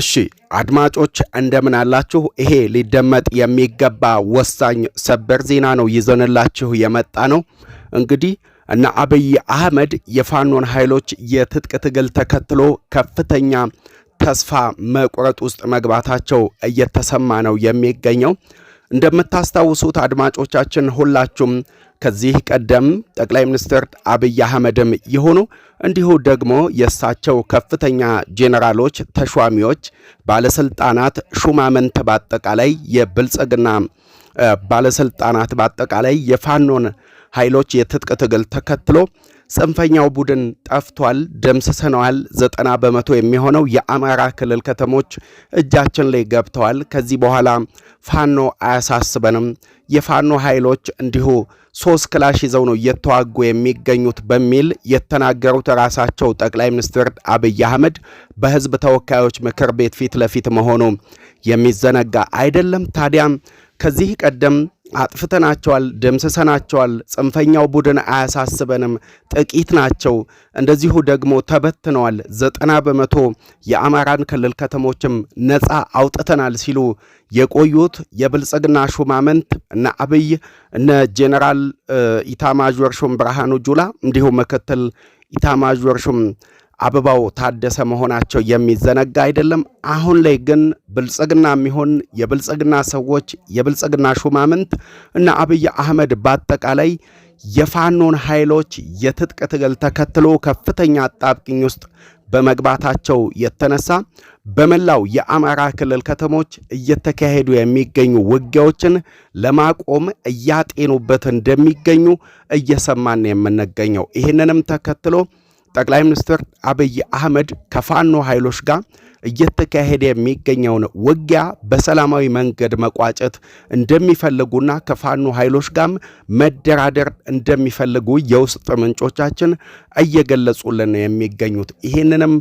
እሺ አድማጮች እንደምን አላችሁ? ይሄ ሊደመጥ የሚገባ ወሳኝ ሰበር ዜና ነው ይዘንላችሁ የመጣ ነው። እንግዲህ እነ አብይ አህመድ የፋኖን ኃይሎች የትጥቅ ትግል ተከትሎ ከፍተኛ ተስፋ መቁረጥ ውስጥ መግባታቸው እየተሰማ ነው የሚገኘው። እንደምታስታውሱት አድማጮቻችን ሁላችሁም ከዚህ ቀደም ጠቅላይ ሚኒስትር አብይ አህመድም የሆኑ እንዲሁ ደግሞ የእሳቸው ከፍተኛ ጄኔራሎች፣ ተሿሚዎች፣ ባለስልጣናት፣ ሹማምንት በአጠቃላይ የብልጽግና ባለስልጣናት በአጠቃላይ የፋኖን ኃይሎች የትጥቅ ትግል ተከትሎ ጽንፈኛው ቡድን ጠፍቷል፣ ደምስሰነዋል። ዘጠና በመቶ የሚሆነው የአማራ ክልል ከተሞች እጃችን ላይ ገብተዋል። ከዚህ በኋላ ፋኖ አያሳስበንም። የፋኖ ኃይሎች እንዲሁ ሶስት ክላሽ ይዘው ነው እየተዋጉ የሚገኙት በሚል የተናገሩት ራሳቸው ጠቅላይ ሚኒስትር አብይ አህመድ በህዝብ ተወካዮች ምክር ቤት ፊት ለፊት መሆኑ የሚዘነጋ አይደለም። ታዲያም ከዚህ ቀደም አጥፍተናቸዋል፣ ደምስሰናቸዋል። ጽንፈኛው ቡድን አያሳስበንም፣ ጥቂት ናቸው። እንደዚሁ ደግሞ ተበትነዋል፣ ዘጠና በመቶ የአማራን ክልል ከተሞችም ነፃ አውጥተናል ሲሉ የቆዩት የብልጽግና ሹማምንት እነ አብይ እነ ጄኔራል ኢታማዦር ሹም ብርሃኑ ጁላ እንዲሁም ምክትል ኢታማዦር ሹም አበባው ታደሰ መሆናቸው የሚዘነጋ አይደለም። አሁን ላይ ግን ብልጽግና የሚሆን የብልጽግና ሰዎች የብልጽግና ሹማምንት እና አብይ አህመድ በአጠቃላይ የፋኖን ኃይሎች የትጥቅ ትግል ተከትሎ ከፍተኛ አጣብቅኝ ውስጥ በመግባታቸው የተነሳ በመላው የአማራ ክልል ከተሞች እየተካሄዱ የሚገኙ ውጊያዎችን ለማቆም እያጤኑበት እንደሚገኙ እየሰማን የምንገኘው ይህንንም ተከትሎ ጠቅላይ ሚኒስትር አብይ አህመድ ከፋኖ ኃይሎች ጋር እየተካሄደ የሚገኘውን ውጊያ በሰላማዊ መንገድ መቋጨት እንደሚፈልጉና ከፋኖ ኃይሎች ጋርም መደራደር እንደሚፈልጉ የውስጥ ምንጮቻችን እየገለጹልን የሚገኙት ይህንንም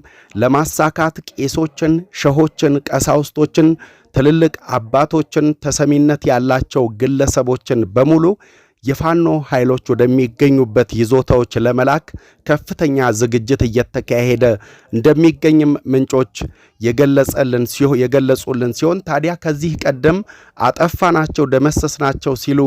ለማሳካት ቄሶችን፣ ሸሆችን፣ ቀሳውስቶችን፣ ትልልቅ አባቶችን፣ ተሰሚነት ያላቸው ግለሰቦችን በሙሉ የፋኖ ኃይሎች ወደሚገኙበት ይዞታዎች ለመላክ ከፍተኛ ዝግጅት እየተካሄደ እንደሚገኝም ምንጮች የገለጸልን ሲሆን የገለጹልን ሲሆን ታዲያ ከዚህ ቀደም አጠፋናቸው ደመሰስናቸው ሲሉ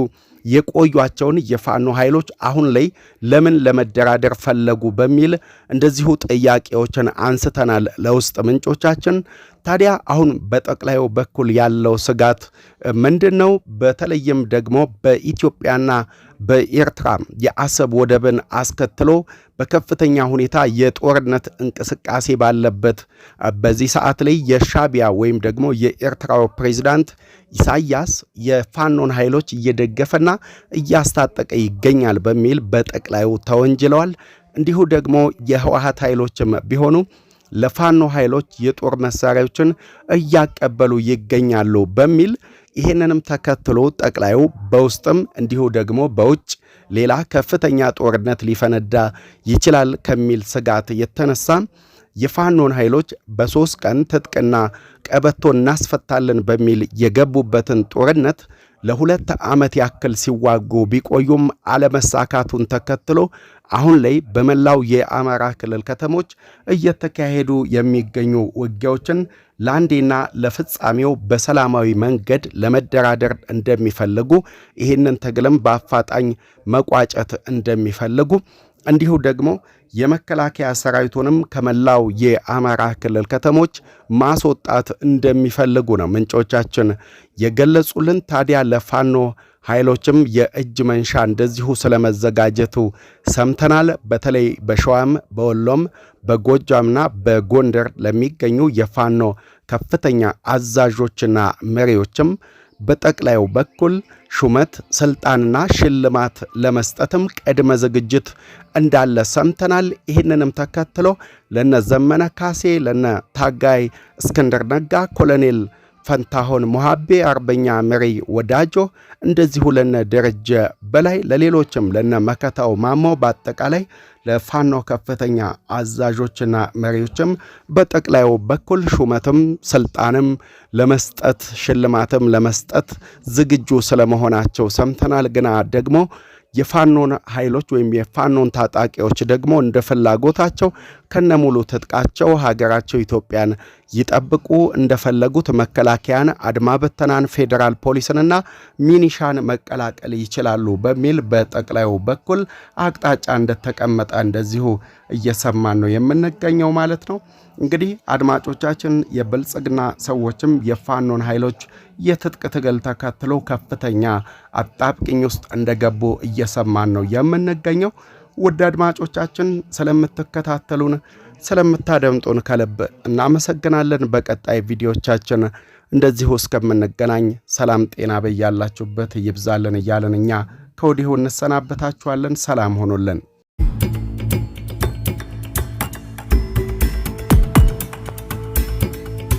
የቆዩቸውን የፋኖ ኃይሎች አሁን ላይ ለምን ለመደራደር ፈለጉ በሚል እንደዚሁ ጥያቄዎችን አንስተናል ለውስጥ ምንጮቻችን። ታዲያ አሁን በጠቅላዩ በኩል ያለው ስጋት ምንድን ነው? በተለይም ደግሞ በኢትዮጵያና በኤርትራ የአሰብ ወደብን አስከትሎ በከፍተኛ ሁኔታ የጦርነት እንቅስቃሴ ባለበት በዚህ ሰዓት ላይ የሻቢያ ወይም ደግሞ የኤርትራው ፕሬዚዳንት ኢሳያስ የፋኖን ኃይሎች እየደገፈና እያስታጠቀ ይገኛል በሚል በጠቅላዩ ተወንጅለዋል። እንዲሁ ደግሞ የህወሀት ኃይሎችም ቢሆኑ ለፋኖ ኃይሎች የጦር መሳሪያዎችን እያቀበሉ ይገኛሉ በሚል ይህንንም ተከትሎ ጠቅላዩ በውስጥም እንዲሁ ደግሞ በውጭ ሌላ ከፍተኛ ጦርነት ሊፈነዳ ይችላል ከሚል ስጋት የተነሳ የፋኖን ኃይሎች በሦስት ቀን ትጥቅና ቀበቶ እናስፈታለን በሚል የገቡበትን ጦርነት ለሁለት ዓመት ያክል ሲዋጉ ቢቆዩም አለመሳካቱን ተከትሎ አሁን ላይ በመላው የአማራ ክልል ከተሞች እየተካሄዱ የሚገኙ ውጊያዎችን ለአንዴና ለፍጻሜው በሰላማዊ መንገድ ለመደራደር እንደሚፈልጉ ይህንን ትግልም በአፋጣኝ መቋጨት እንደሚፈልጉ እንዲሁ ደግሞ የመከላከያ ሰራዊቱንም ከመላው የአማራ ክልል ከተሞች ማስወጣት እንደሚፈልጉ ነው ምንጮቻችን የገለጹልን። ታዲያ ለፋኖ ኃይሎችም የእጅ መንሻ እንደዚሁ ስለመዘጋጀቱ ሰምተናል። በተለይ በሸዋም በወሎም በጎጃምና በጎንደር ለሚገኙ የፋኖ ከፍተኛ አዛዦችና መሪዎችም በጠቅላዩ በኩል ሹመት ስልጣንና ሽልማት ለመስጠትም ቅድመ ዝግጅት እንዳለ ሰምተናል። ይህንንም ተከትሎ ለነ ዘመነ ካሴ ለነ ታጋይ እስክንድር ነጋ ኮሎኔል ፈንታሆን ሞሃቤ፣ አርበኛ መሪ ወዳጆ እንደዚሁ ለነ ደረጀ በላይ ለሌሎችም ለነ መከታው ማሞ በአጠቃላይ ለፋኖ ከፍተኛ አዛዦችና መሪዎችም በጠቅላዩ በኩል ሹመትም ስልጣንም ለመስጠት ሽልማትም ለመስጠት ዝግጁ ስለመሆናቸው ሰምተናል። ግና ደግሞ የፋኖን ኃይሎች ወይም የፋኖን ታጣቂዎች ደግሞ እንደ ፍላጎታቸው ከነሙሉ ትጥቃቸው ሀገራቸው ኢትዮጵያን ይጠብቁ፣ እንደፈለጉት መከላከያን፣ አድማ በተናን፣ ፌዴራል ፖሊስንና ሚኒሻን መቀላቀል ይችላሉ በሚል በጠቅላዩ በኩል አቅጣጫ እንደተቀመጠ እንደዚሁ እየሰማን ነው የምንገኘው ማለት ነው። እንግዲህ አድማጮቻችን የብልጽግና ሰዎችም የፋኖን ኃይሎች የትጥቅ ትግል ተከትሎ ከፍተኛ አጣብቅኝ ውስጥ እንደገቡ እየሰማን ነው የምንገኘው። ውድ አድማጮቻችን ስለምትከታተሉን ስለምታደምጡን ከልብ እናመሰግናለን። በቀጣይ ቪዲዮቻችን እንደዚሁ እስከምንገናኝ ሰላም ጤና በያላችሁበት ይብዛልን እያልን እኛ ከወዲሁ እንሰናበታችኋለን። ሰላም ሆኑልን።